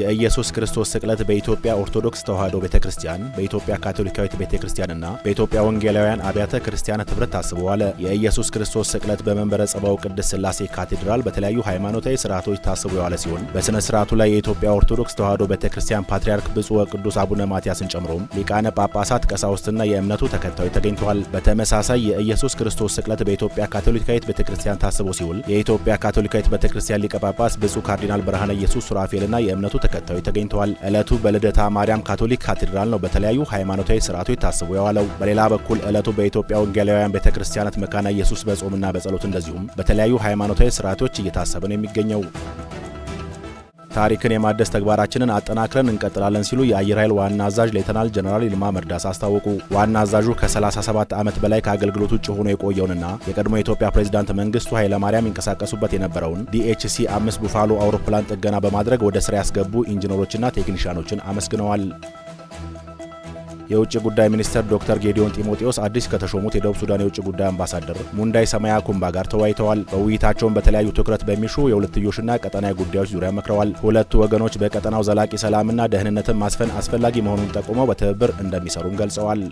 የኢየሱስ ክርስቶስ ስቅለት በኢትዮጵያ ኦርቶዶክስ ተዋሕዶ ቤተ ክርስቲያን፣ በኢትዮጵያ ካቶሊካዊት ቤተ ክርስቲያንና በኢትዮጵያ ወንጌላውያን አብያተ ክርስቲያናት ኅብረት ታስበዋል። የኢየሱስ ክርስቶስ ስቅለት በመንበረ ጸባው ቅድስት ሥላሴ ካቴድራል በተለያዩ ሃይማኖታዊ ስርዓቶች ታስቦ የዋለ ሲሆን በሥነ ስርዓቱ ላይ የኢትዮጵያ ኦርቶዶክስ ተዋሕዶ ቤተ ክርስቲያን ፓትርያርክ ብፁዕ ወቅዱስ አቡነ ማትያስን ጨምሮም ሊቃነ ጳጳሳት፣ ቀሳውስትና የእምነቱ ተከታዮች ተገኝተዋል። በተመሳሳይ የኢየሱስ ክርስቶስ ስቅለት በኢትዮጵያ ካቶሊካዊት ቤተ ክርስቲያን ታስቦ ሲውል የኢትዮጵያ ካቶሊካዊት ቤተ ክርስቲያን ሊቀ ጳጳስ ብፁዕ ካርዲናል ብርሃነ ኢየሱስ ሱራፌልና የእምነቱ ተከታዮች ተገኝተዋል። ዕለቱ በልደታ ማርያም ካቶሊክ ካቴድራል ነው በተለያዩ ሃይማኖታዊ ስርዓቶች ታስቦ የዋለው። በሌላ በኩል ዕለቱ በኢትዮጵያ ወንጌላውያን ቤተ ክርስቲያናት መካና ኢየሱስ በጾምና በጸሎት እንደዚሁም በተለያዩ ሃይማኖታዊ ስርዓቶች እየታሰበ ነው የሚገኘው። ታሪክን የማደስ ተግባራችንን አጠናክረን እንቀጥላለን ሲሉ የአየር ኃይል ዋና አዛዥ ሌተናል ጀነራል ይልማ መርዳስ አስታወቁ። ዋና አዛዡ ከ37 ዓመት በላይ ከአገልግሎት ውጭ ሆኖ የቆየውንና የቀድሞ የኢትዮጵያ ፕሬዝዳንት መንግስቱ ኃይለማርያም ይንቀሳቀሱበት የነበረውን ዲኤችሲ አምስት ቡፋሎ አውሮፕላን ጥገና በማድረግ ወደ ስራ ያስገቡ ኢንጂነሮችና ቴክኒሽያኖችን አመስግነዋል። የውጭ ጉዳይ ሚኒስትር ዶክተር ጌዲዮን ጢሞቴዎስ አዲስ ከተሾሙት የደቡብ ሱዳን የውጭ ጉዳይ አምባሳደር ሙንዳይ ሰማያ ኩምባ ጋር ተወያይተዋል። በውይይታቸውን በተለያዩ ትኩረት በሚሹ የሁለትዮሽና ቀጠናዊ ጉዳዮች ዙሪያ መክረዋል። ሁለቱ ወገኖች በቀጠናው ዘላቂ ሰላምና ደህንነትን ማስፈን አስፈላጊ መሆኑን ጠቁመው በትብብር እንደሚሰሩም ገልጸዋል።